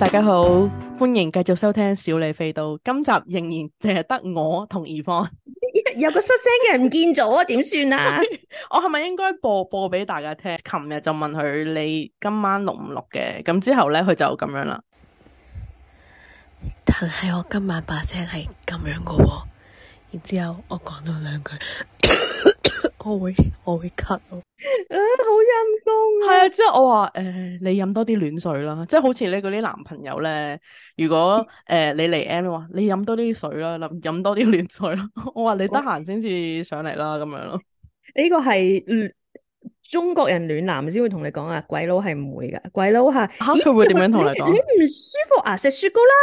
大家好，歡迎繼續收聽小李飛刀。今集仍然淨係得我同怡芳， 有個失聲嘅人唔見咗，點算 啊？ 我係咪應該播播俾大家聽？琴日就問佢你今晚錄唔錄嘅，咁之後呢，佢就咁樣啦。但係我今晚把聲係咁樣噶，然之後我講到兩句。 我會我會咳咯，啊好陰功。啊！係啊，即係我話誒、呃，你飲多啲暖水啦，即係好似你嗰啲男朋友咧，如果誒、呃、你嚟 M 嘅話，你飲多啲水啦，諗飲多啲暖水咯。 我話你得閒先至上嚟啦，咁樣咯。呢個係中國人暖男先會同你講啊，鬼佬係唔會噶，鬼佬吓吓佢會點樣同你講？你唔舒服啊？食雪糕啦！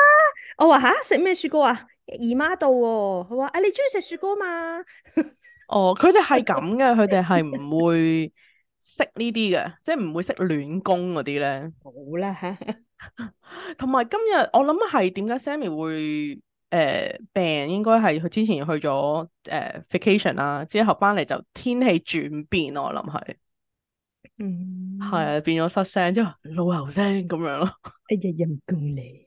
我話吓食咩雪糕啊？姨媽到喎、喔，佢話啊你中意食雪糕嘛？ 哦，佢哋係咁嘅，佢哋係唔會識呢啲嘅， 即係唔會識暖宮嗰啲咧，好咧 。同埋今日我諗係點解 Sammy 會誒病，應該係佢之前去咗誒、呃、vacation 啦、嗯，之後翻嚟，就天氣轉變，我諗係，係變咗失聲，之後老喉聲咁樣咯，一日陰功你。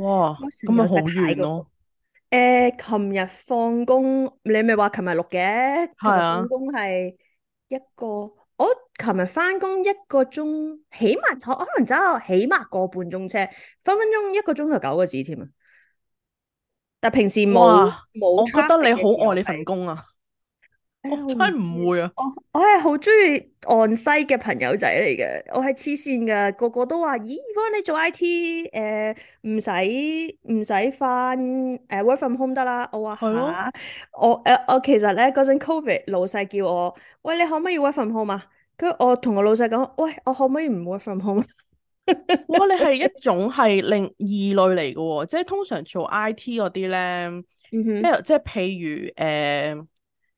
哇，咁咪好遠咯！誒、啊，琴日放工，你咪話琴日錄嘅，琴日放工係一個，我琴日返工一個鐘，起碼可可能走起碼個半鐘車，分分鐘一個鐘頭九個字添啊！但平時冇，哇時我覺得你好愛你份工啊！哎、真係唔會啊！我我係好中意 on site 嘅朋友仔嚟嘅，我係黐線噶，個個都話，咦，如果你做 I T，誒、呃，唔使唔使翻誒 work from home 得啦，我話吓，哦、我誒、呃、我其實咧嗰陣 covid，老細叫我，喂，你可唔可以 work from home 啊？跟住我同我老細講，喂，我可唔可以唔 work from home？、啊、 哇，你係一種係另異類嚟嘅喎，即係通常做 I T 嗰啲咧，嗯、哼即係即係譬如誒。呃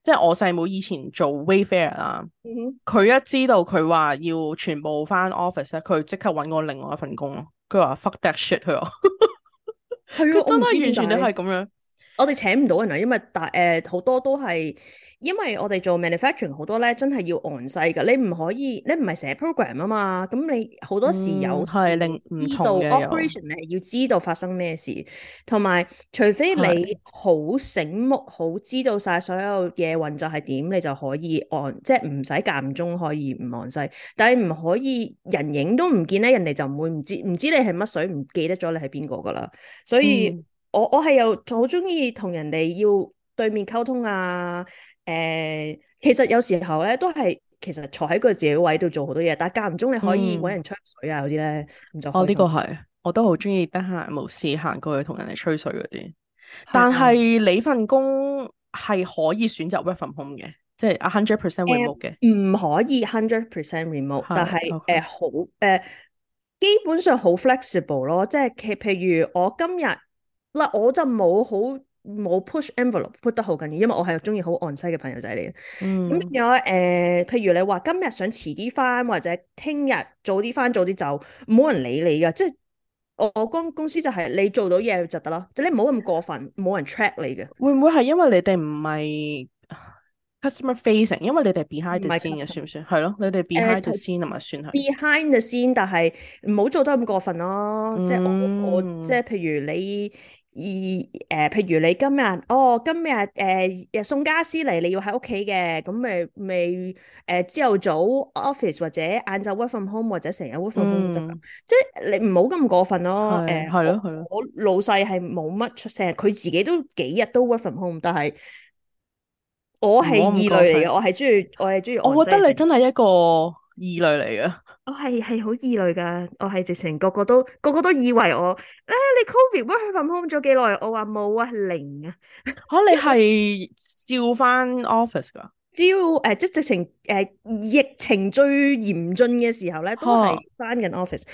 即係我細妹以前做 Wayfair 啦，佢、mm hmm. 一知道佢話要全部返 office 咧，佢即刻搵我另外一份工咯。佢話 fuck that shit 佢啊，佢 的真係完全都係咁樣。我哋請唔到人啊，因為大誒好多都係，因為我哋做 manufacturing 好多咧，真係要按細㗎。你唔可以，你唔係成日 program 啊嘛。咁你好多時有唔、嗯、同嘅 operation，你係要知道發生咩事。同埋，除非你好醒目，的好知道晒所有嘢運就係點，你就可以按，即係唔使間中可以唔按細。但係唔可以人影都唔見咧，人哋就唔會唔知，唔知你係乜水，唔記得咗你係邊個㗎啦。所以。嗯我我係又好中意同人哋要對面溝通啊！誒、呃，其實有時候咧都係其實坐喺佢自己位度做好多嘢，但係間唔中你可以揾人吹水啊嗰啲咧，咁、嗯、就哦呢、呢個係我都好中意得閒無事行過去同人哋吹水嗰啲。但係的你份工係可以選擇 work from home 嘅，即係 hundred percent remote 嘅，唔、呃、可以 hundred percent remote，的但係誒好誒基本上好 flexible 咯，即係譬如我今日。嗱，我就冇好冇 push envelope，put 得好緊要，因為我係中意好 on site 嘅朋友仔嚟嘅。咁有誒，譬如你話今日想遲啲翻，或者聽日早啲翻早啲走，冇人理你噶。即係我公公司就係你做到嘢就得咯，即你唔好咁過分，冇人 track 你嘅。會唔會係因為你哋唔係 customer facing，因為你哋係 behind the scene 嘅算唔算？係咯、呃，你哋 behind the scene，係咪算係？behind the scene 但係唔好做得咁過分咯。即係我、嗯、即我即係譬如你。而誒、呃，譬如你今日，哦，今日誒誒送家私嚟，你要喺屋企嘅，咁咪咪誒朝頭早 office 或者晏晝 work from home 或者成日 work from home 都得噶，嗯、即係你唔好咁過分咯。誒的，係咯係咯，我老細係冇乜出聲，佢自己都幾日都 work from home，但係我係異類嚟嘅，我係鍾意，我係鍾意。我覺得你真係一個。異類嚟嘅？我係係好異類噶，我係直情個個都個個都以為我，誒、哎、你 covid work from home 咗幾耐？我話冇啊零啊，吓、啊、你係照翻 office 噶？照誒、呃、即係直情誒疫情最嚴峻嘅時候咧，都係翻緊 office，呵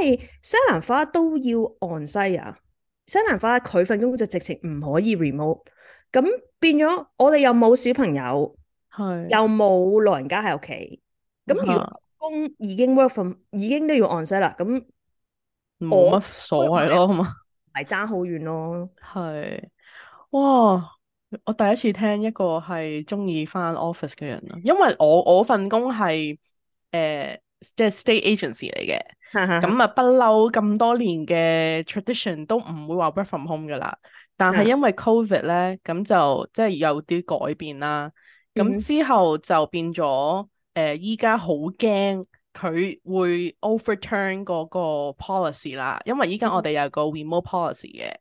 因為西蘭花都要 on site 啊，西蘭花佢份工就直情唔可以 remote，咁變咗我哋又冇小朋友，係是又冇老人家喺屋企。咁、嗯、如果工已經 work from 已經都要 onset 啦，咁冇乜所謂咯，係咪？係爭好遠咯，係。哇！我第一次聽一個係鍾意返 office 嘅人，因為我我份工係誒、呃、即係 state agency 嚟嘅，咁啊不嬲咁多年嘅 tradition 都唔會話 work from home 㗎啦，但係因為 COVID 咧，咁就即係有啲改變啦。咁之後就變咗。 誒，依家好驚佢會 overturn 嗰個 policy 啦，因為依家我哋有個 remote policy 嘅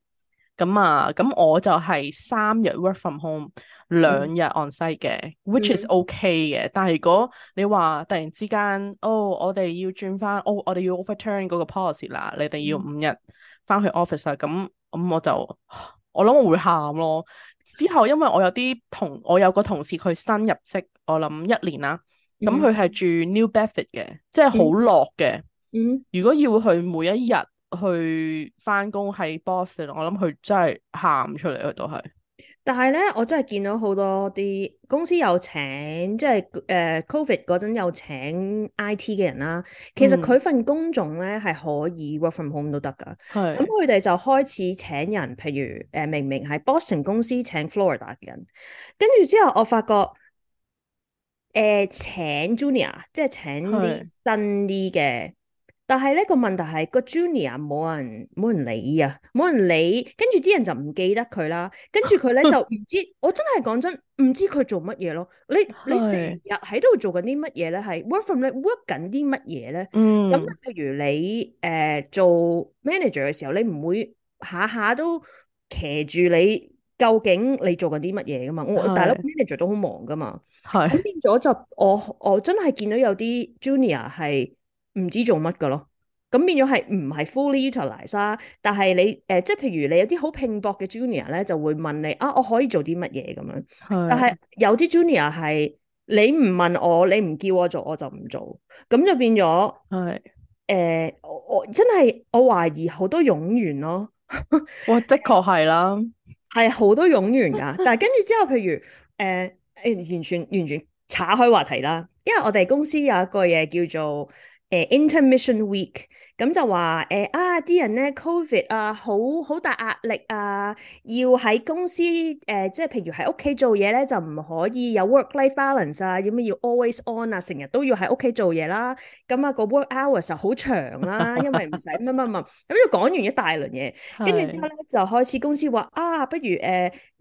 咁、嗯、啊。咁我就係三日 work from home，兩日 on site 嘅、嗯、，which is okay 嘅。但係如果你話突然之間，哦，我哋要轉翻，哦，我哋要 overturn 嗰個 policy 啦，你哋要五日翻去 office 啊。咁咁、嗯、我就我諗我會喊咯。之後因為我有啲同我有個同事佢新入職，我諗一年啦。咁佢係住 New Bedford 嘅，即係好落嘅。嗯嗯、如果要去每一日去翻工喺 Boston，我諗佢真係喊唔出嚟佢都係。但係咧，我真係見到好多啲公司有請，即係誒、呃、Covid 嗰陣有請 IT 嘅人啦、啊。其實佢份工種咧係可以 work from home 都得噶。咁佢哋就開始請人，譬如誒、呃、明明係 Boston 公司請 Florida 嘅人，跟住之後我發覺。誒，uh, 請 Junior，即係請啲是新啲嘅，但係咧個問題係個 Junior 冇人冇人理啊，冇人理，跟住啲人就唔記得佢啦，跟住佢咧就唔知， 我真係講真，唔知佢做乜嘢咯。你你成日喺度做緊啲乜嘢咧？係 work from work 緊啲乜嘢咧？咁、嗯、譬如你誒、呃、做 manager 嘅時候，你唔會下下都騎住你。究竟你做緊啲乜嘢噶嘛？我大佬 manager 都好忙噶嘛，咁是變咗就我我真係見到有啲 junior 係唔知做乜噶咯，咁變咗係唔係 fully utilize 啦、啊？但係你誒，即、呃、係譬如你有啲好拼搏嘅 junior 咧，就會問你啊，我可以做啲乜嘢咁樣？是但係有啲 junior 係你唔問我，你唔叫我做我就唔做，咁就變咗係誒，我真係我懷疑好多冗員咯。 哇，的確係啦。係好多擁員㗎，但係跟住之後，譬如誒誒、呃，完全完全岔開話題啦。因為我哋公司有一個嘢叫做。誒、欸、intermission week，咁就話誒、欸、啊啲人咧 COVID 啊好好大壓力啊，要喺公司誒、呃、即係譬如喺屋企做嘢咧就唔可以有 work life balance 啊，要咪要 always on 啊，成日都要喺屋企做嘢啦。咁啊個 work hours 就好長啦、啊，因為唔使乜乜乜，咁就講完一大輪嘢，跟住之後咧就開始公司話啊，不如誒。呃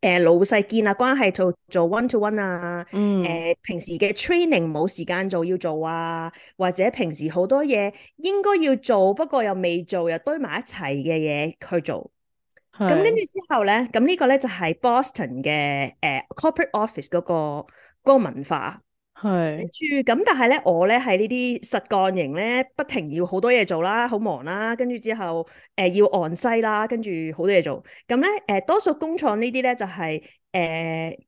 誒、呃，老細建立關係做做 one to one 啊，誒、嗯呃，平時嘅 training 冇時間做要做啊，或者平時好多嘢，應該要做，不過又未做又堆埋一齊嘅嘢去做，咁跟住之後咧，咁呢、就是呃那個咧就係 Boston 嘅誒，corporate office 嗰個嗰個文化。係，跟住咁，但係咧，我咧係呢啲實幹型咧，不停要好多嘢做啦，好忙啦，跟住之後，誒、呃、要 on site 啦，跟住好多嘢做。咁咧，誒、呃、多數工廠呢啲咧就係、是，誒、呃、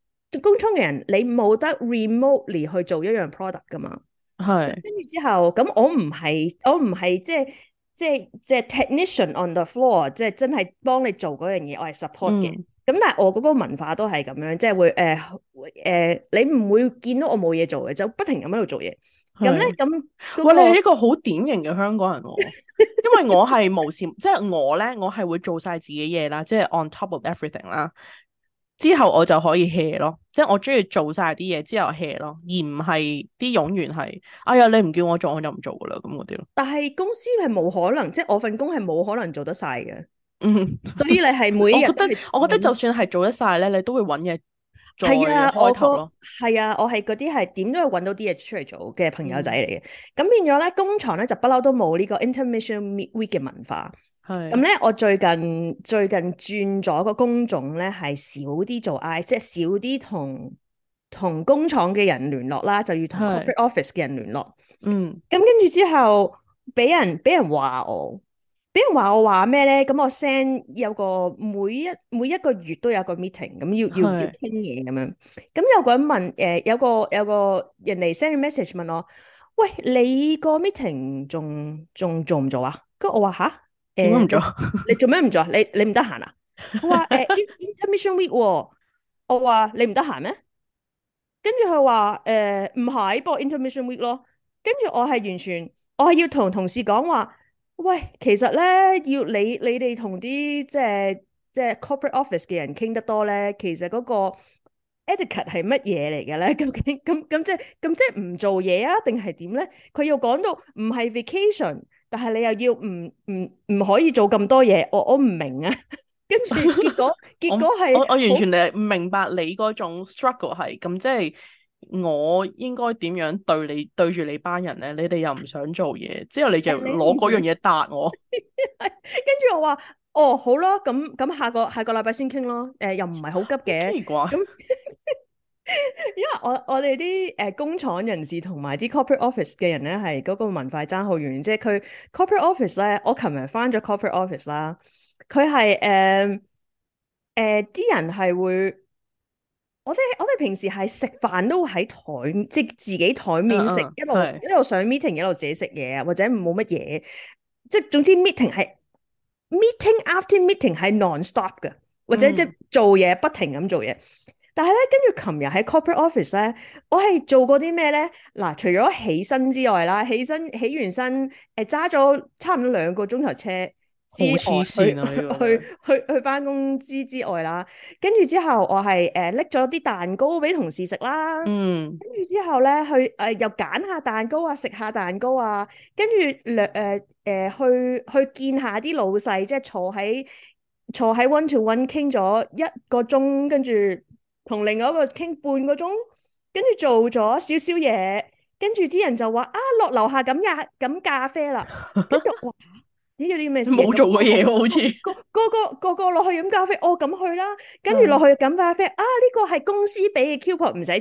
工廠嘅人你冇得 remotely 去做一樣 product 噶嘛。係的。跟住之後，咁我唔係，我唔係即係，即係即係、就是就是、technician on the floor，即係真係幫你做嗰樣嘢，我係 support 嘅。嗯咁但係我嗰個文化都係咁樣，即係會誒誒、呃呃，你唔會見到我冇嘢做嘅，就不停咁喺度做嘢。咁咧咁，我、那個、你係一個好典型嘅香港人，因為我係無時， 即係我咧，我係會做晒自己嘢啦，即係 on top of everything 啦。之後我就可以 hea 咯，即係我中意做晒啲嘢之後 hea 咯，而唔係啲傭員係，哎呀你唔叫我做，我就唔做噶啦，咁嗰啲咯。但係公司係冇可能，即係我份工係冇可能做得晒嘅。 嗯，所以你係每日， 我覺得就算係做得晒咧，你都會揾嘢做。係啊，我係 啊，我係嗰啲係點都要揾到啲嘢出嚟做嘅朋友仔嚟嘅。咁、嗯、變咗咧，工廠咧就不嬲都冇呢個 intermission meet week 嘅文化。係咁咧，我最近最近轉咗個工種咧，係少啲做 I，即係少啲同同工廠嘅人聯絡啦，就要同 corporate office 嘅人聯絡。嗯，咁跟住之後俾人俾人話我。俾人話我話咩咧？咁我 send 有個每一每一個月都有個 meeting，咁要要要傾嘢咁樣。咁有個人問，誒，有個有個人嚟 send message 問我，喂，你個 meeting 仲仲做唔做啊？跟住我話吓，做唔做？你做咩唔做啊？你你唔得閒啊？我話誒，intermission week。我話你唔得閒咩？跟住佢話誒，唔係，播 intermission week 咯。跟住我係完全，我係要同同事講話。喂，其實咧要你你哋同啲即係即係 corporate office 嘅人傾得多咧，其實嗰個 etiquette 係乜嘢嚟嘅咧？咁咁咁即係咁即係唔做嘢啊？定係點咧？佢又講到唔係 vacation，但係你又要唔唔唔可以做咁多嘢，我我唔明啊！跟 住結果結果係 我，我，我完全唔明白你嗰種 struggle 係。咁即係。我應該點樣對你對住你班人咧？你哋又唔想做嘢，之後你就攞嗰樣嘢答我。 跟住我話，哦好啦，咁咁下個下個禮拜先傾咯。誒、呃，又唔係好急嘅。奇怪。咁， 因為我我哋啲誒工廠人士同埋啲 corporate office 嘅人咧，係嗰個文化爭好遠。即係佢 corporate office 咧，我琴日翻咗 corporate office 啦。佢係誒誒，啲、呃呃、人係會。我哋我哋平時係食飯都喺台即係自己台面食、uh, uh, 一直，一路一路上 meeting，一路自己食嘢啊，或者冇乜嘢，即係總之 meeting 係 meeting after meeting 係 non stop 嘅，或者即係做嘢不停咁做嘢。但係咧，跟住琴日喺 corporate office 咧，我係做過啲咩咧？嗱、啊，除咗起身之外啦，起身起完身，誒揸咗差唔多兩個鐘頭車。之啊、去去 去去翻工資之外啦，跟住之後我係誒拎咗啲蛋糕俾同事食啦，嗯，跟住之後咧去誒、呃、又揀下蛋糕啊，食下蛋糕啊，跟住兩誒誒去去見下啲老細，即係坐喺坐喺 one to one 傾咗一個鐘，跟住同另外一個傾半個鐘，跟住做咗少少嘢，跟住啲人就話啊落樓下飲呀飲咖啡啦，咁就哇！咦、欸？有啲咩冇做嘅嘢喎？好似個，個個個個落去飲咖啡，我、哦、咁去啦。跟住落去飲咖啡、嗯、啊！呢個係公司俾嘅 coupon，唔使錢。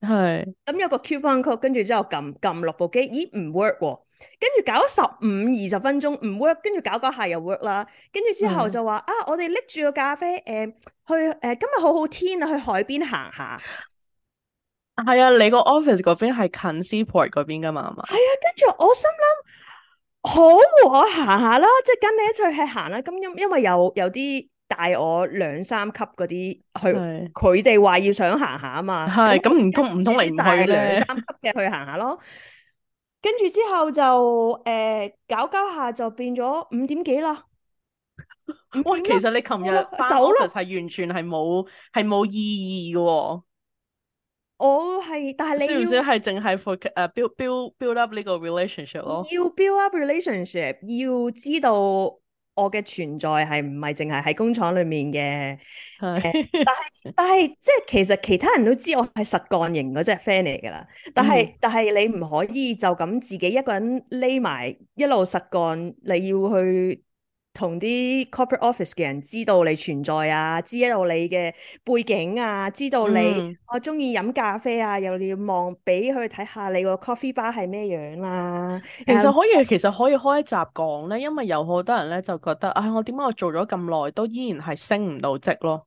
係咁、嗯嗯、有個 coupon code，跟住之後撳撳落部機，咦唔 work 喎？跟住搞咗十五二十分鐘唔 work，跟住搞嗰下又 work 啦。跟住之後就話、嗯、啊，我哋拎住個咖啡誒、呃、去誒、呃，今日好好天啊，去海邊行下。係啊，你個 office 嗰邊係近 Seaport 嗰邊㗎嘛？係啊，跟住我心諗。好，我行下啦，即係跟你一齊去行啦。咁因因為有有啲帶我兩三級嗰啲，去，佢哋話要想行下嘛。係咁唔通唔通嚟帶兩三級嘅去行下咯。跟住 之後就誒、呃，搞搞下就變咗五點幾啦。哇， 其實你琴日走啦，係完全係冇係冇意義嘅。我係，但係你要唔算係淨係 for 誒、uh, build build build up 呢個 relationship 咯？要 build up relationship，要知道我嘅存在係唔係淨係喺工廠裏面嘅、 uh,。但係但係即係其實其他人都知我係實幹型嗰隻 friend 嚟噶啦。但係、mm. 但係你唔可以就咁自己一個人匿埋一路實幹，你要去。同啲 corporate office 嘅人知道你存在啊，知道你嘅背景啊，知道你、嗯、我中意飲咖啡啊，又要望俾佢睇下你個 coffee bar 係咩樣啦、啊。Um, 其實可以，其實可以開一集講咧，因為有好多人咧就覺得，啊、哎，我點解我做咗咁耐都依然係升唔到職咯。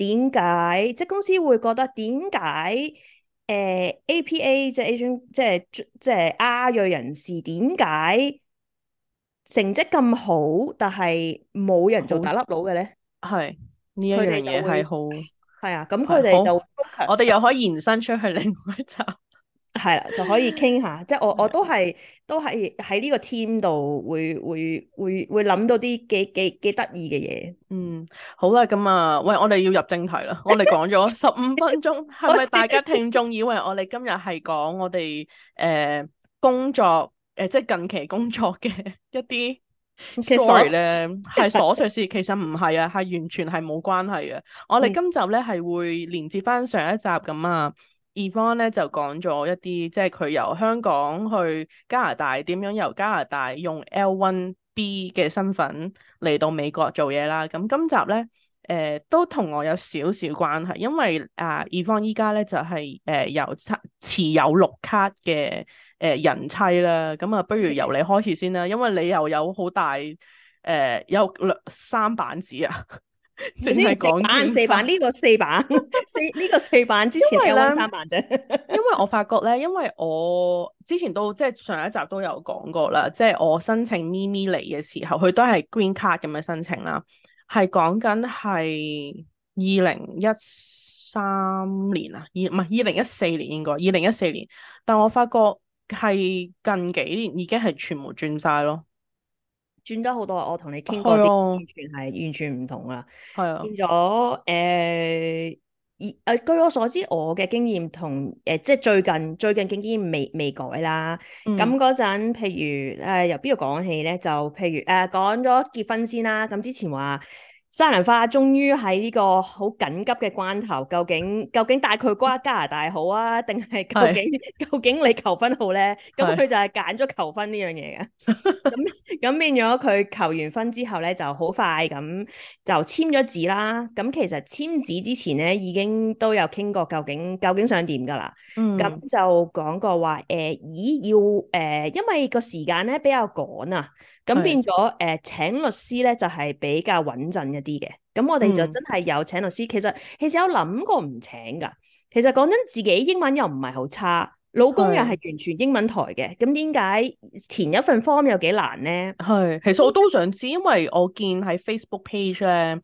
點解即係公司會覺得，點解誒、呃、APA 即係 agent 即係即係亞裔人士，點解成績咁好，但係冇人做大粒佬嘅咧？係呢好一樣嘢係好係啊！咁佢哋就我哋又可以延伸出去另外一集。係啦，就可以傾下。 即係我 我，我都係都係喺呢個 team 度，會會會會諗到啲幾幾幾得意嘅嘢。嗯，好啦咁啊，喂，我哋要入正題啦。我哋講咗十五分鐘，係咪？ 大家聽眾以為我哋今日係講我哋誒、呃、工作誒、呃，即係近期工作嘅一啲 Sorry，係瑣碎事，其實唔係啊，係完全係冇關係啊。我哋今集咧係會連接翻上，上，上一集咁啊。二方咧就講咗一啲，即係佢由香港去加拿大，點樣由加拿大用 L1B 嘅身份嚟到美國做嘢啦。咁、嗯、今集咧，誒、呃、都同我有少少關係，因為啊，二方依家咧就係誒由差持有綠卡嘅誒、呃、人妻啦。咁、嗯、啊，不如由你開始先啦，因為你又有好大誒、呃、有兩三板紙啊。 先係港版，四版呢個四版，四呢個四版之前有三版啫。因為我發覺咧，因為我之前都即係上一集都有講過啦，即係我申請咪咪嚟嘅時候，佢都係 Green Card 咁樣申請啦，係講緊係二零一三年啊，二唔係二零一四年，應該二零一四年，但我發覺係近幾年已經係全部轉晒咯。轉咗好多，我同你傾過啲、啊，完全係完全唔同啦。係啊，變咗誒，而、呃、誒、呃，據我所知，我嘅經驗同誒，即係最近最近經驗未未改啦。咁嗰陣，譬如誒、呃，由邊度講起咧？就譬如誒，講、呃、咗結婚先啦。咁之前話。山林花終於喺呢個好緊急嘅關頭，究竟究竟帶佢過加拿大好啊，定係究竟是究竟你求婚好咧？咁佢是就係揀咗求婚呢樣嘢嘅。咁咁 變咗佢求完婚之後咧，就好快咁就簽咗字啦。咁其實簽字之前咧，已經都有傾過究竟究竟想點噶啦。咁、嗯、就講過話，誒、呃、咦，要誒、呃，因為個時間咧比較趕啊。咁變咗誒是、呃、請律師咧，就係、是、比較穩陣一啲嘅。咁我哋就真係有請律師。嗯、其實其實有諗過唔請㗎。其實講真，自己英文又唔係好差，老公又係完全英文台嘅。咁點解填一份 form 有幾難咧？係，其實我都想知，因為我見喺 Facebook page 咧、呃，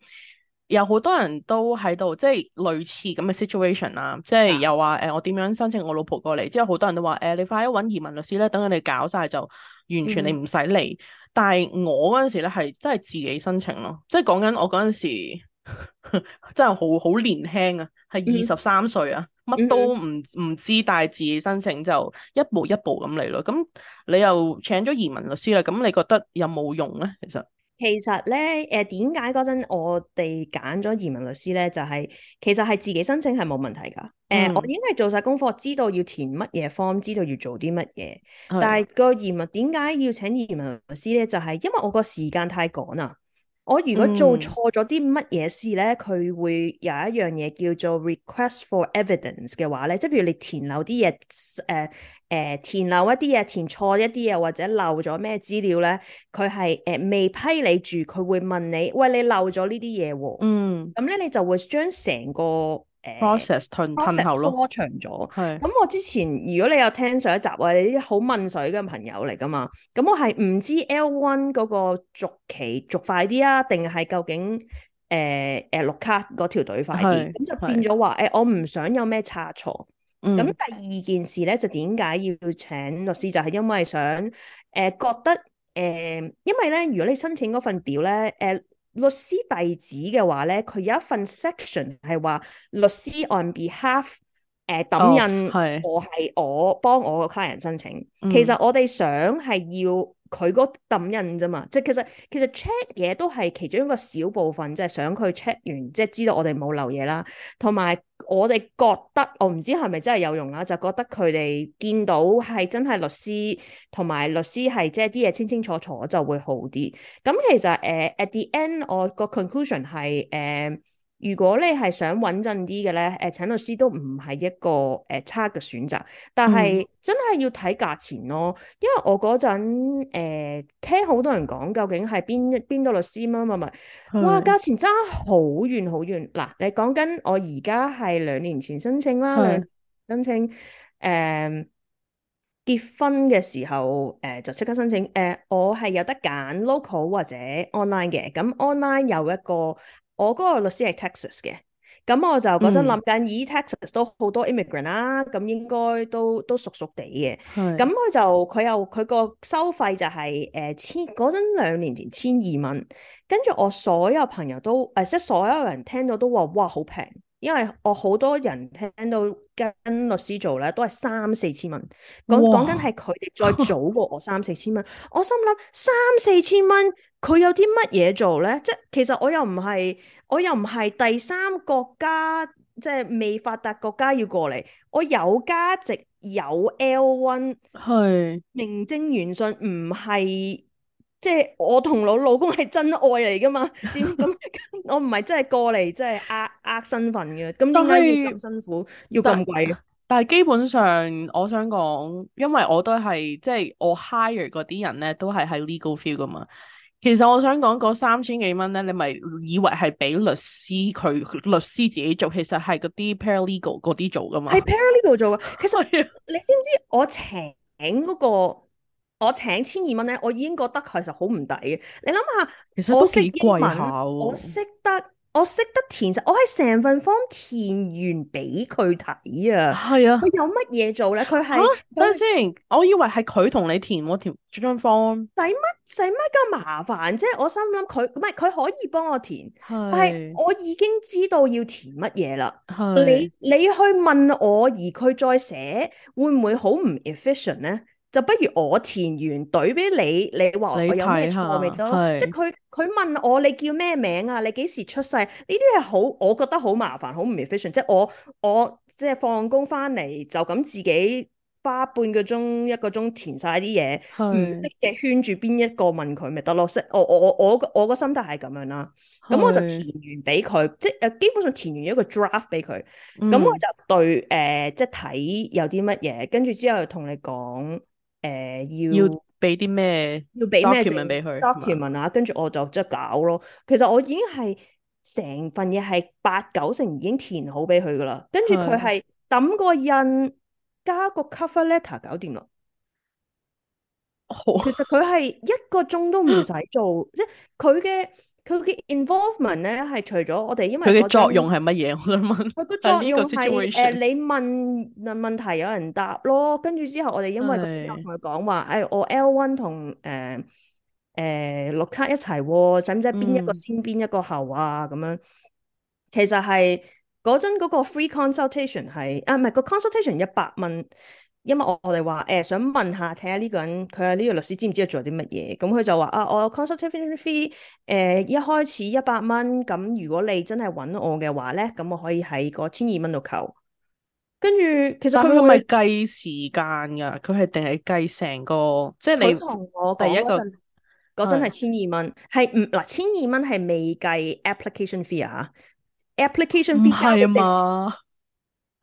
有好多人都喺度即係類似咁嘅 situation 啦。即係又話誒，我點樣申請我老婆過嚟？之後好多人都話誒、呃，你快啲揾移民律師咧，等佢哋搞晒就。完全你唔使嚟，mm hmm. 但係我嗰陣時咧係真係自己申請咯，即係講緊我嗰陣時真係好好年輕啊，係二十三歲啊，乜，mm hmm. 都唔唔知，但係自己申請就一步一步咁嚟咯。咁你又請咗移民律師啦，咁你覺得有冇用咧？其實？其實咧，誒、呃，點解嗰陣我哋揀咗移民律師咧，就係、是，其實係自己申請係冇問題噶。誒、呃，嗯、我已經係做晒功課，知道要填乜嘢 form，知道要做啲乜嘢。但係個移民點解的要請移民律師咧，就係、是，因為我個時間太趕喇。我如果做錯咗啲乜嘢事咧，佢會有一樣嘢叫做 request for evidence 嘅話咧，即係譬如你填漏啲嘢，誒、呃、誒、呃、填漏一啲嘢，填錯一啲嘢，或者漏咗咩資料咧，佢係誒未批你住，佢會問你，喂，你漏咗呢啲嘢喎，嗯，咁咧你就會將成個呃、process 褪後咯，長咗。係咁是，我之前如果你有聽上一集啊，你啲好問水嘅朋友嚟㗎嘛。咁我係唔知 L one 嗰個續期續快啲啊，定係究竟誒誒綠卡嗰條隊快啲？咁是就變咗話誒，我唔想有咩差錯。咁是第二件事咧，就點解要請律師？就係、是、因為想誒、呃、覺得誒、呃，因為咧，如果你申請嗰份表咧誒。呃律師弟子嘅話咧，佢有一份 section 係話、oh, 律師 on behalf 誒等人，off, 我係我的幫我個 client 申請。Mm. 其實我哋想係要。佢嗰抌印啫嘛，即係其實其實 check 嘢都係其中一個小部分，即係想佢 check 完，即係知道我哋冇漏嘢啦。同埋我哋覺得，我唔知係咪真係有用啦，就覺得佢哋見到係真係律師同埋律師係即係啲嘢清清楚楚就會好啲。咁其實誒，uh，at the end 我個 conclusion 係誒。如果你係想穩陣啲嘅咧，誒、呃、請律師都唔係一個誒、呃、差嘅選擇，但係真係要睇價錢咯。因為我嗰陣誒聽好多人講，究竟係邊邊個律師嘛？乜咪，哇價錢差好遠好遠。嗱，你講緊我而家係兩年前申請啦，的申請誒、呃、結婚嘅時候誒、呃、就即刻申請。誒、呃、我係有得揀 local 或者 online 嘅，咁 online 有一個。我嗰個律師係 Texas 嘅，咁我就嗰陣諗緊，以 Texas 都好多 immigrant 啦，咁應該都都熟熟地嘅。咁佢是就佢有佢個收費就係、是、誒、呃、千嗰陣兩年前千二蚊。跟住我所有朋友都誒即係所有人聽到都話哇好平，因為我好多人聽到跟律師做咧都係三四千蚊，講講緊係佢哋再早過我三四千蚊， 我心諗三四千蚊。佢有啲乜嘢做咧？即係其實我又唔係，我又唔係第三國家，即係未發達國家要過嚟。我有價值，有 L one 係名正言順，唔係即係我同我老公係真愛嚟噶嘛？點咁？ 我唔係真係過嚟，即係呃呃身份嘅。咁點解要咁辛苦，是要咁貴？但係基本上，我想講，因為我都係即係我 hire 嗰啲人咧，都係喺 legal field 噶嘛。其實我想講嗰三千幾蚊咧，你咪以為係俾律師佢，律師自己做，其實係嗰啲 paralegal 嗰啲做噶嘛。係 paralegal 做嘅，其實 你知唔知我請嗰、嗰個我請千二蚊咧，我已經覺得佢其實好唔抵嘅。你諗下，其實都幾貴下喎。我識得。我識得填實，我係成份方填完俾佢睇啊！係啊，佢有乜嘢做咧？佢係等陣等先。是我以為係佢同你填，我填張方，使乜使乜咁麻煩啫？我心諗佢唔係佢可以幫我填。是但係我已經知道要填乜嘢啦。是你你去問我，而佢再寫，會唔會好唔 efficient 咧？就不如我填完對俾你，你話我有咩錯咪得咯？看看，即係佢佢問我，你叫咩名啊？你幾時出世？呢啲係好，我覺得好麻煩，好唔 efficient。即係我我即係放工翻嚟就咁自己花半個鐘一個鐘填晒啲嘢，唔識嘅圈住邊一個問佢咪得咯？識我我我我個我個心態係咁樣啦。咁是我就填完俾佢，即係基本上填完一個 draft 俾佢。咁、嗯、我就對誒、呃，即係睇有啲乜嘢，跟住之後同你講。誒，要俾啲咩？要俾咩 document 俾佢？document 啊，跟住我就即係搞咯。其實我已經係成份嘢係八九成已經填好俾佢噶啦。跟住佢係抌個印，加個 cover letter，搞掂啦。其實佢係一個鐘都唔使做，即係佢嘅。佢嘅 involvement 咧係除咗我哋，因為佢嘅作用係乜嘢？我想問。佢個作用係誒 個、呃、你問問問題有人答咯，跟住之後我哋因為同佢講話誒、哎，我 L one 同誒誒綠卡一齊喎，使唔使邊一個先邊、嗯、一個後啊？咁樣其實係嗰陣嗰個 free consultation 係啊，唔係個 consultation 一百蚊。因為我哋話誒想問下，睇下呢個人佢係呢個律師知唔知做啲乜嘢？咁、嗯、佢就話啊，我有 consultation fee 誒、呃、一開始一百蚊，咁如果你真係揾我嘅話咧，咁我可以喺個千二蚊度扣。跟住其實佢係咪計時間㗎？佢係定係計成個即係、就是、你同我第一個嗰陣係千二蚊，係唔嗱，千二蚊係未計 application fee 啊？application fee 係啊嘛。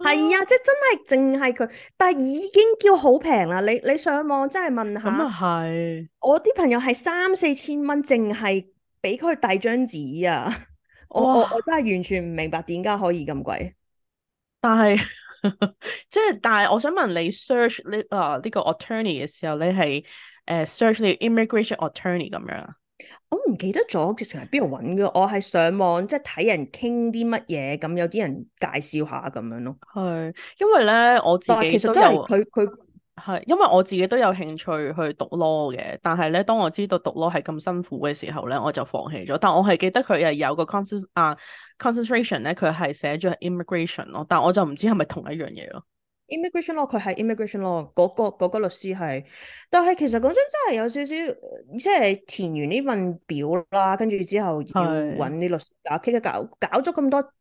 係啊，即係真係淨係佢，但係已經叫好平啦。你你上網真係問下，咁啊係。我啲朋友係三四千蚊，淨係俾佢遞張紙啊！ 我哇我，我真係完全唔明白點解可以咁貴但是。 但係即係，但係我想問你，search 呢、呢個、啊呢、呢個 attorney 嘅時候，你係誒 search、呃、呢 immigration attorney 咁樣啊？我唔記得咗直情係邊度搵嘅，我係上網即係睇人傾啲乜嘢，咁有啲人介紹下咁樣咯。係，因為咧我自己都有佢佢係，因為我自己都有興趣去讀 law 嘅，但係咧當我知道讀 law 係咁辛苦嘅時候咧，我就放棄咗。但我係記得佢係有個 concent 啊 concentration 咧，佢係寫咗係 immigration 咯，但係我就唔知係咪同一樣嘢咯。Immigration 咯，佢係 immigration 咯。law 嗰個嗰個律師係，但係其實講真真係有少少，即係填完呢份表啦，跟住之後要揾啲律師搞，搞搞咗咁多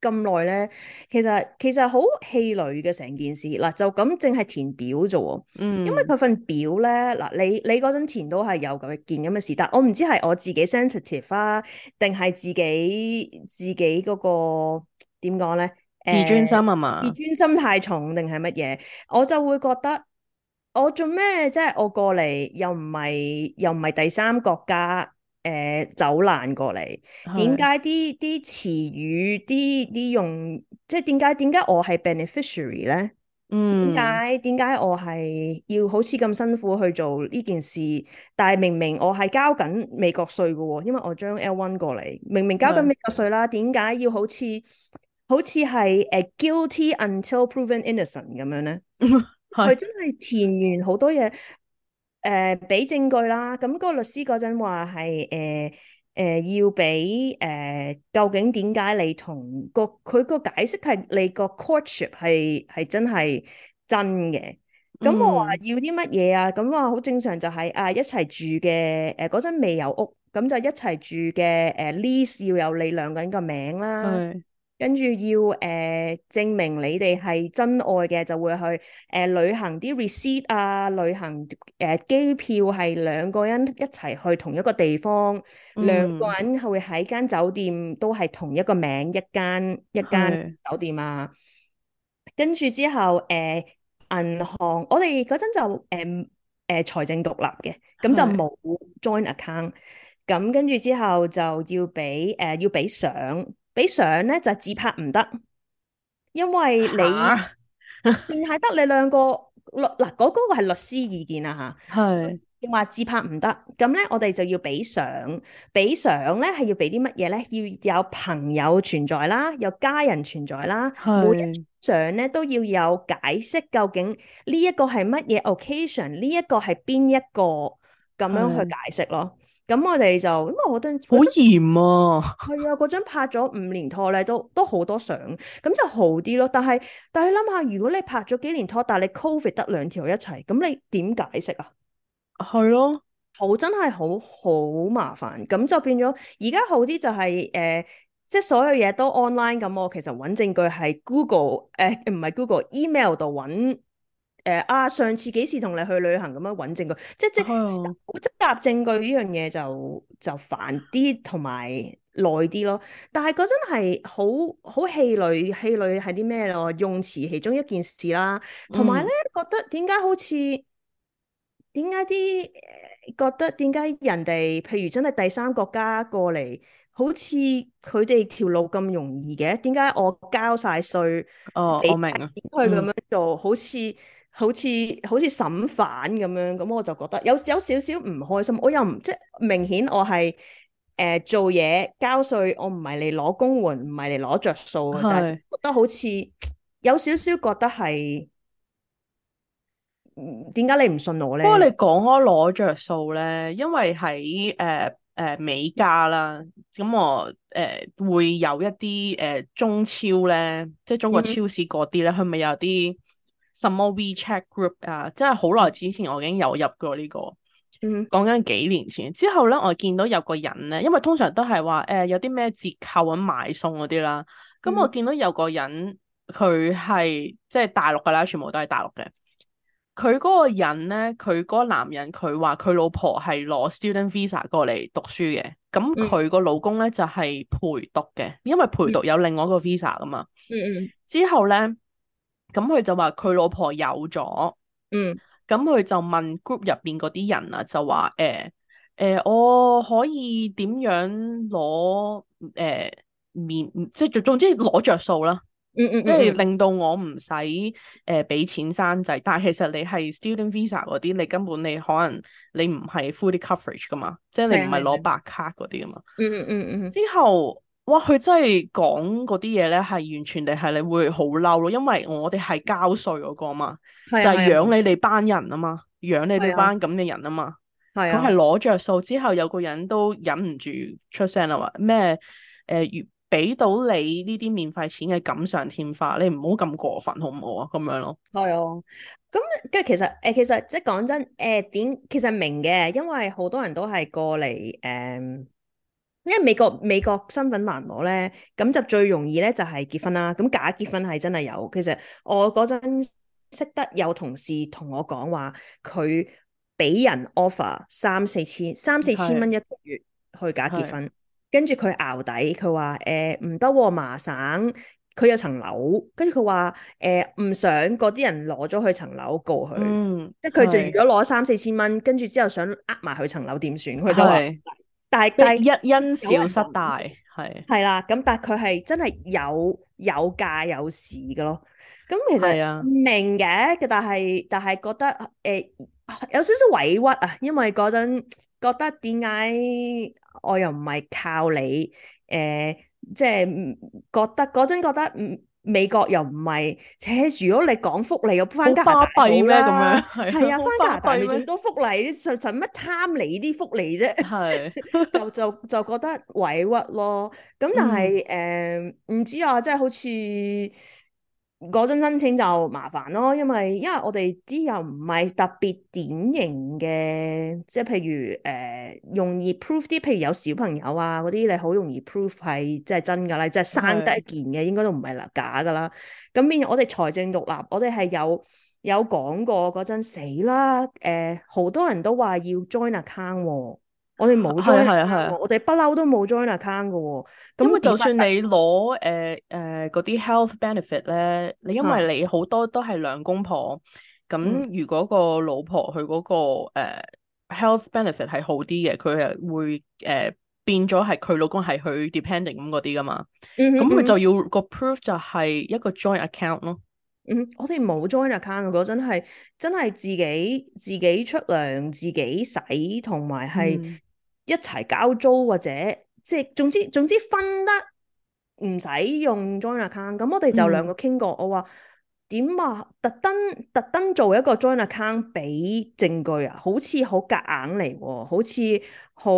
咁耐咧，其實其實好氣餒嘅成件事。嗱，就咁淨係填表啫喎，嗯、因為佢份表咧，嗱，你你嗰陣填都係有咁嘅件咁嘅事，但我唔知係我自己 sensitive 啊，定係自己自己嗰、嗰個點講咧？自尊心啊嘛，呃、自尊心太重定係乜嘢？ 我就會覺得我做咩？即、就、係、是、我過嚟又唔係又唔係第三國家誒、呃、走難過嚟？點解啲啲詞語啲啲用？即係點解點解我係 beneficiary 咧？嗯，點解點解我係要好似咁辛苦去做呢件事？但係明明我係交緊美國稅噶，因為我將 L one 過嚟，明明交緊美國稅啦，點解是要好似？好似係誒 guilty until proven innocent 咁樣咧，佢 是真係填完好多嘢誒，俾、呃、證據啦。咁、那、嗰個律師嗰陣話係誒要俾誒、呃，究竟點解你同個佢個解釋係你個 courtship 係係真係真嘅？咁我話要啲乜嘢啊？咁話好正常就係、是、啊一齊住嘅誒嗰陣未有屋，咁就一齊住嘅誒、啊、lease 要有你兩個人個名啦。跟住要誒、呃、證明你哋係真愛嘅，就會去誒、呃、旅行啲 receipt 啊，旅行誒機、呃、票係兩個人一齊去同一個地方，兩、嗯、個人係會喺間酒店都係同一個名一間一間酒店啊。的跟住之後誒、呃、銀行，我哋嗰陣就誒誒財政獨立嘅，咁就冇 join account。咁跟住之後就要俾誒、呃、要俾相。俾相咧就係自拍唔得，因為你，淨係得你兩個律嗱嗰嗰個係律師意見啊吓，定話是自拍唔得，咁咧我哋就要俾相，俾相咧係要俾啲乜嘢咧？要有朋友存在啦，有家人存在啦，是每一張相咧都要有解釋，究竟呢一個係乜嘢 occasion，呢一個係邊一個咁樣去解釋咯。咁我哋就，咁我覺得好嚴啊，係啊，嗰陣拍咗五年拖咧，都都好多相，咁就好啲咯。但係，但係你諗下，如果你拍咗幾年拖，但係你 COVID 得兩條一齊，咁你點解釋啊？係咯的，好，真係好好麻煩。咁就變咗，而家好啲就係、係、誒、呃，即係所有嘢都 online 咁，我其實揾證據係 Google，誒、呃、唔係 Google email 度揾。誒啊，上次幾時同你去旅行咁樣揾證據，即即搜集，oh, oh. 證據呢樣嘢就就煩啲，同埋耐啲咯。但係嗰陣係好好氣餒，氣餒係啲咩咯？用詞其中一件事啦，同埋咧覺得點解好似點解啲覺得點解人哋譬如真係第三國家過嚟，好似佢哋條路咁容易嘅？點解我交晒稅哦，我明啊，點解佢咁樣做，oh, 嗯、好似。好似好似審犯咁樣，咁我就覺得有有少少唔開心。我又唔即係明顯，我係誒做嘢交稅，我唔係嚟攞公援，唔係嚟攞著數。是但小小覺得好似有少少覺得係點解你唔信我咧？不過你講我攞着數咧，因為喺誒誒美加啦，咁我誒、呃、會有一啲誒、呃、中超咧，即係中國超市嗰啲咧，佢咪、嗯、有啲。什麼 WeChat group 啊，即係好耐之前我已經有入過呢個，講緊、嗯、幾年前。之後咧，我見到有個人咧，因為通常都係話誒有啲咩折扣啊、買餸嗰啲啦。咁我見到有個人，佢係即係大陸噶啦，全部都係大陸嘅。佢嗰個人咧，佢嗰男人，佢話佢老婆係攞 Student Visa 過嚟讀書嘅，咁佢個老公咧就係陪讀嘅，因為陪讀有另外一個 Visa 噶嘛。嗯嗯。之後咧。咁佢就話佢老婆有咗，嗯，咁佢就問 group 入邊嗰啲人啊，就話誒誒，我可以點樣攞誒、欸、面，即係總之攞着數啦，嗯嗯嗯，即係令到我唔使誒俾錢生仔，但係其實你係 student visa 嗰啲，你根本你可能你唔係 full coverage 噶嘛，即係你唔係攞白卡嗰啲噶嘛，嗯嗯嗯，之後。哇！佢真係講嗰啲嘢咧，係完全地係你會好嬲咯，因為我哋係交稅嗰個嘛，啊、就係養你哋班人啊嘛，啊養你哋班咁嘅人啊嘛，佢係攞着數之後，有個人都忍唔住出聲啦，話咩？誒、呃，俾到你呢啲免費錢嘅錦上添花，你唔好咁過分，好唔好啊？咁樣咯，係啊，咁跟住其實誒，其實、呃、其實即係講真誒，點、呃、其實明嘅，因為好多人都係過嚟誒。呃因為美國美國身份難攞咧，咁就最容易咧就係結婚啦。咁假結婚係真係有。其實我嗰陣識得有同事同我講話，佢俾人 offer 三四千，三四千蚊一個月去假結婚。跟住佢拗底，佢話誒唔得，麻省佢有層樓。跟住佢話誒唔想嗰啲人攞咗佢層樓告佢。嗯，即係佢就如果攞三四千蚊，跟住是之後想呃埋佢層樓點算？佢就話。但係一因小失大，係係啦，咁的但係佢係真係有有價有市嘅咯。咁其實唔明嘅的，但係但係覺得誒、呃、有少少委屈啊，因為嗰陣覺得點解我又唔係靠你誒，即、呃、係、就是、覺得嗰陣覺得唔。呃美國又唔係，且如果你講福利又翻加拿大好咩咁樣？係啊，翻加拿大你仲多福利， 你使使乜貪你啲福利啫？係， 就就就覺得委屈咯。咁但係誒，唔、 嗯呃、知啊，即、就、係、是、好似。嗰陣申請就麻煩咯，因為因為我哋啲又唔係特別典型嘅，即係譬如誒、呃、容易 proof 啲，譬如有小朋友啊嗰啲，你好容易 proof 係即係真噶啦，即係生得一件嘅，應該都唔係啦，假噶啦。咁變成，我哋財政獨立，我哋係有有講過嗰陣死啦，誒好、呃、多人都話要 join account、啊。我哋冇 join account， 我哋不嬲都冇 join account 嘅喎。咁佢就算你攞誒誒嗰啲 health benefit 咧，你因為你好多都係兩公婆，咁、啊、如果個老婆佢嗰、那個、呃、health benefit 係好啲嘅，佢係會誒、呃、變咗係佢老公係去 depending 咁嗰啲噶嘛。咁佢、嗯嗯、就要個 proof 就係一個 join account 咯。嗯，我哋冇 join account，我真係真係自己自己出糧、自己使，同埋係。一齊交租或者即係總之總之分得唔使用 join account 咁。嗯、我哋就兩個傾過。我話點啊？特登特登做一個 join account 俾證據啊，好似好夾硬嚟喎，好似好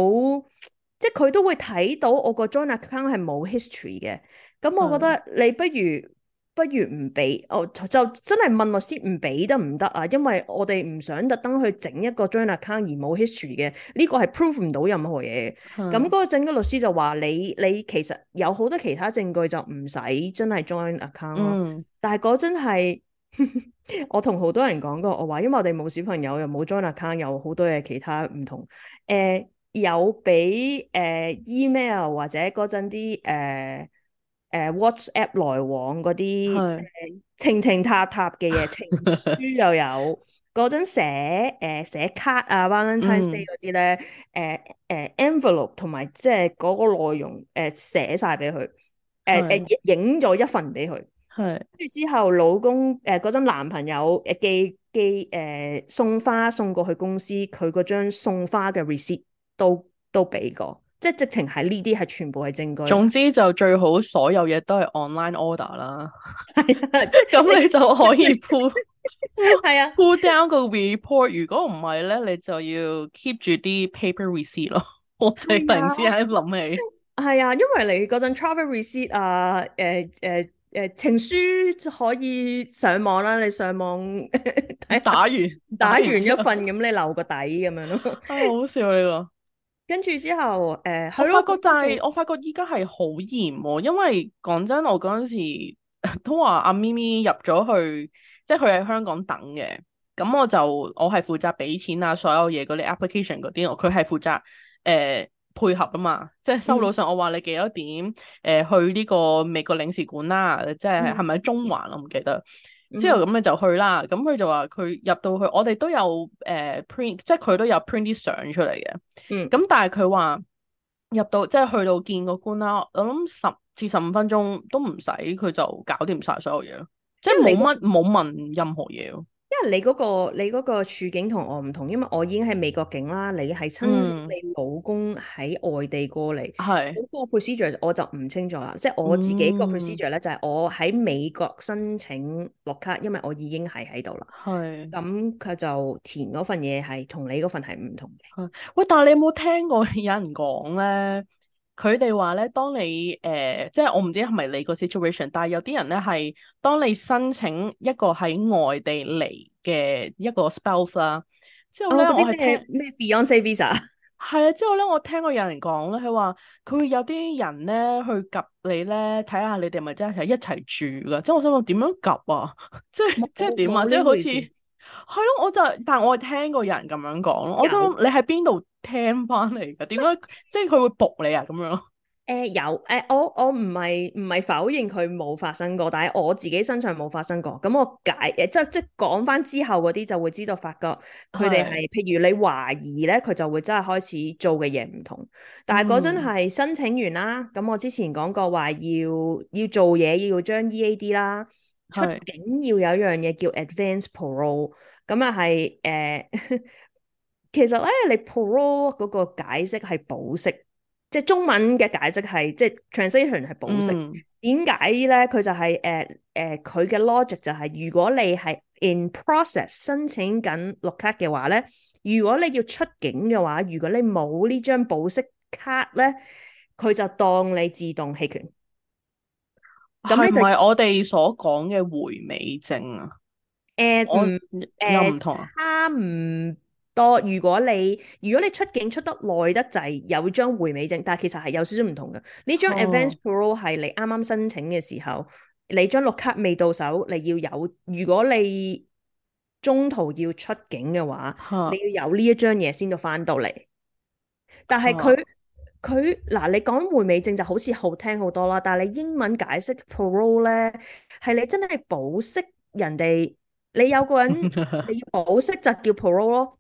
即係佢都會睇到我個 join account 係冇 history 嘅。咁我覺得你不如。不如唔俾哦，就真係問律師唔俾得唔得啊？因為我哋唔想特登去整一個 join account 而冇 history 嘅，呢、這個係 prove 唔到任何嘢。咁嗰陣個律師就話：你你其實有好多其他證據就唔使真係 join account 咯、嗯。但係嗰陣係我同好多人講過，我話因為我哋冇小朋友又冇 join account，有好多嘢其他唔同。誒、呃、有俾誒、呃、email 或者嗰陣啲誒。呃誒、呃、WhatsApp 來往嗰啲是、呃、情情塔塔嘅嘢，情書又有嗰陣 寫誒、呃、寫卡啊 Valentine's Day 嗰啲咧，誒、呃、誒、呃、envelope 同埋即係嗰個內容誒、呃、寫晒俾佢，誒誒影咗一份俾佢，係跟住之後老公誒嗰陣男朋友誒寄寄誒、呃、送花送過去公司，佢嗰張送花嘅 receipt 都都俾過。即係直情係呢啲係全部係證據。總之就最好所有嘢都係 online order 啦。係啊、嗯，即咁你就可以 po 係啊 down 個 report。嗯、如果唔係咧，你就要 keep 住啲 paper receipt 咯。我真係、哎、突然之間諗起。係啊，因為你嗰陣 travel receipt 啊，誒誒誒情書可以上網啦、啊。你上網打完，打完一份咁、哎啊、你留個底咁樣咯。好笑你喎。.跟住之後，誒、呃，我發覺就係、嗯、我發覺依家係好嚴喎，因為講真，我嗰陣時都話阿咪咪入咗去，即係佢喺香港等嘅，咁我就我係負責俾錢啊，所有嘢嗰啲 application 嗰啲，佢係負責誒、呃、配合噶嘛，即係收到上、嗯、我話你幾多點誒、呃、去呢個美國領事館啦，即係係咪喺中環？我唔記得。之後咁你就去啦，咁佢就話佢入到去，我哋都有誒、呃、print，即係佢都有 print 啲相出嚟嘅。嗯，咁但係佢話入到即係去到見個官啦，我諗十至十五分鐘都唔使，佢就搞掂晒所有嘢咯，即係冇乜冇問任何嘢。因為你嗰，那個你嗰個處境同我唔同，因為我已經喺美國境啦，你係親你老公喺外地過嚟，係嗰，嗯、個 procedure 我就唔清楚啦。嗯、即係我自己個 procedure 咧，就係我喺美國申請綠卡，因為我已經係喺度啦。係咁佢就填嗰份嘢係同你嗰份係唔同嘅。喂，但係你有冇聽過有人講咧？佢哋話咧，當你誒、呃，即係我唔知係咪你個 situation，但係有啲人咧係，當你申請一個喺外地嚟嘅一個 spouse 啦，之後咧、哦、我聽咩 fiancé visa，係啊，之後咧我聽過有人講咧，佢話佢會有啲人咧去及你咧，睇下你哋係咪真係一齊住噶，即係我想講點樣及啊， 即係我即係點啊，即係好似。係咯，我就但係我聽過有人咁樣講咯，有我就諗你喺邊度聽翻嚟？噶？點解 即係佢會仆你啊？咁樣咯？誒、呃、有誒、呃，我我唔係唔係否認佢冇發生過，但係我自己身上冇發生過。咁我解誒，即係即係講翻之後嗰啲就會知道，發覺佢哋係譬如你懷疑咧，佢就會真係開始做嘅嘢唔同。嗯、但係嗰陣係申請完啦，咁我之前講過話要要做嘢，要將 EAD 啦。出境要有一樣嘢叫 advance parole，咁啊係、就、誒、是呃，其實咧你 parole 嗰個解釋係保釋，即係中文嘅解釋係即係 translation 係保釋。點解咧？佢就係誒誒，佢、呃、嘅、呃、logic 就係、是、如果你係 in process 申請緊綠卡嘅話咧，如果你要出境嘅話，如果你冇呢張保釋卡咧，佢就當你自動棄權。咁係唔係我哋所講嘅回美證啊？誒，我又唔同啊，差唔多。如果你如果你出境出得耐得滯，有張回美證，但係其實係有少少唔同嘅。呢張 Advance Parole 係你啱啱申請嘅時候，oh. 你張綠卡未到手，你要有。如果你中途要出境嘅話，oh. 你要有呢一張嘢先到翻到嚟，但係佢。Oh. 佢嗱，你講回美證就好似好聽好多啦，但係你英文解釋 parole 咧，係你真係保釋人哋，你有個人你要保釋就叫 parole 咯，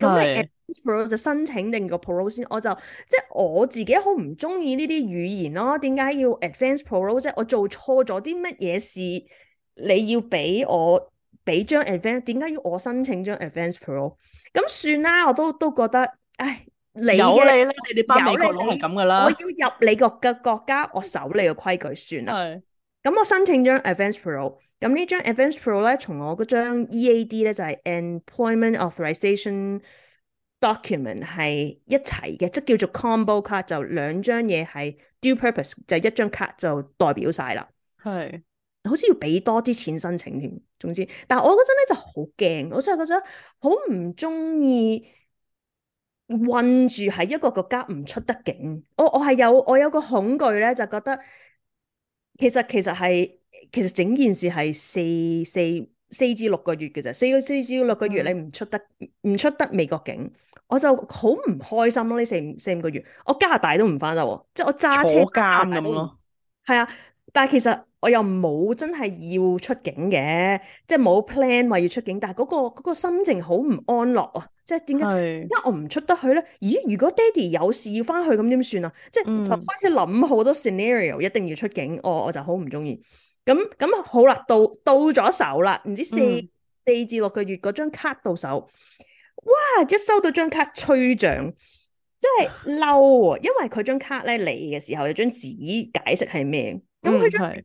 咁 你 advance parole 就申請定個 parole 先，我就即係我自己好唔中意呢啲語言咯，點解要 advance parole 啫？我做錯咗啲乜嘢事？你要俾我俾張 advance，點解要我申請張 advance parole？咁、嗯、算啦，我都都覺得，唉。你啦，你你班美國佬係咁噶啦。我要入你個嘅國家，我守你個規矩算啦。咁是我申請張 Advance Pro，咁 Ad 呢張 Advance Pro 咧，從我嗰張 EAD 咧就係、是、Employment Authorization Document 係一齊嘅，即、就、係、是、叫做 Combo 卡，就兩張嘢係 Dual Purpose，就一張卡就代表晒啦。係是，好似要俾多啲錢申請添，總之。但係我嗰陣咧就好驚，我真係覺得好唔中意。困住喺一個國家唔出得境，我我係有我有個恐懼咧，就覺得其實其實係其實整件事係四四四至六個月嘅啫，四四至六個月你唔出得唔、嗯、出得美國境，我就好唔開心咯、啊。呢四五四五個月，我加拿大都唔翻得，即係我揸車大大坐監咁咯，係啊，但係其實。我又冇真係要出境嘅，即係冇 plan 話要出境，但係嗰、嗰個嗰個心情好唔安樂啊！即係點解？是因為我唔出得去咧。咦？如果爹哋有事要翻去，咁點算啊？即係就開始諗好多 scenario，一定要出境，我、嗯哦、我就好唔中意。咁咁好啦，到到咗手啦，唔知四、嗯、四至六個月嗰張卡到手，哇！一收到張卡催，吹脹，即係嬲啊！因為佢張卡咧嚟嘅時候有張紙解釋係咩，咁佢、嗯、張。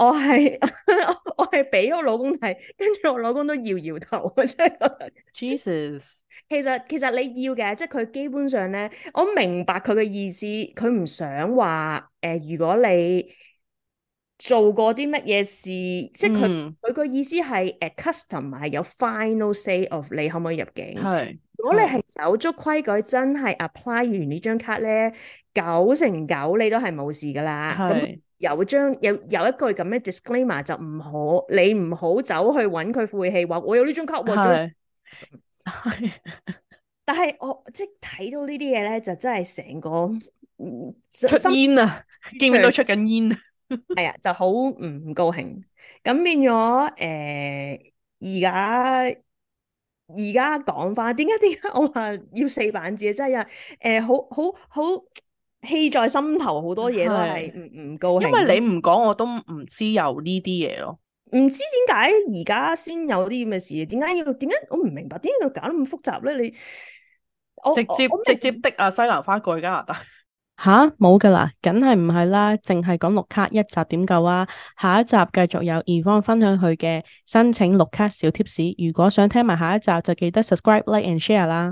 我係 我係俾我老公睇，跟住我老公都搖搖頭，我 真 Jesus。其實其實你要嘅，即係佢基本上咧，我明白佢嘅意思。佢唔想話誒、呃，如果你做過啲乜嘢事，即係佢佢個意思係誒 custom 係有 final say of 你可唔可以入境。係是。如果你係守足規矩，真係 apply 完呢張卡咧，九成九你都係冇事噶啦。係是。有張有有一句咁嘅 disclaimer 就唔好，你唔好走去揾佢晦氣，話我有張我呢張卡。係係，但係我即係睇到呢啲嘢咧，就真係成個、嗯、出煙啊，見到深出緊煙啊，係啊，就好唔高興。咁變咗誒，而家而家講翻點解點解我話要四板字？真係誒、呃，好好好。好氣在心頭，好多嘢都係唔唔高興。因為你唔講，我都唔知有呢啲嘢咯。唔知點解而家先有啲咁嘅事？點解要？點解我唔明白？點解要搞得咁複雜咧？你直接直接的啊！西蘭花過去加拿大吓，冇噶啦，梗係唔係啦。淨係講綠卡一集點夠啊？下一集繼續有怡芳分享佢嘅申請綠卡小貼士。如果想聽埋下一集，就記得 subscribe、like and share 啦。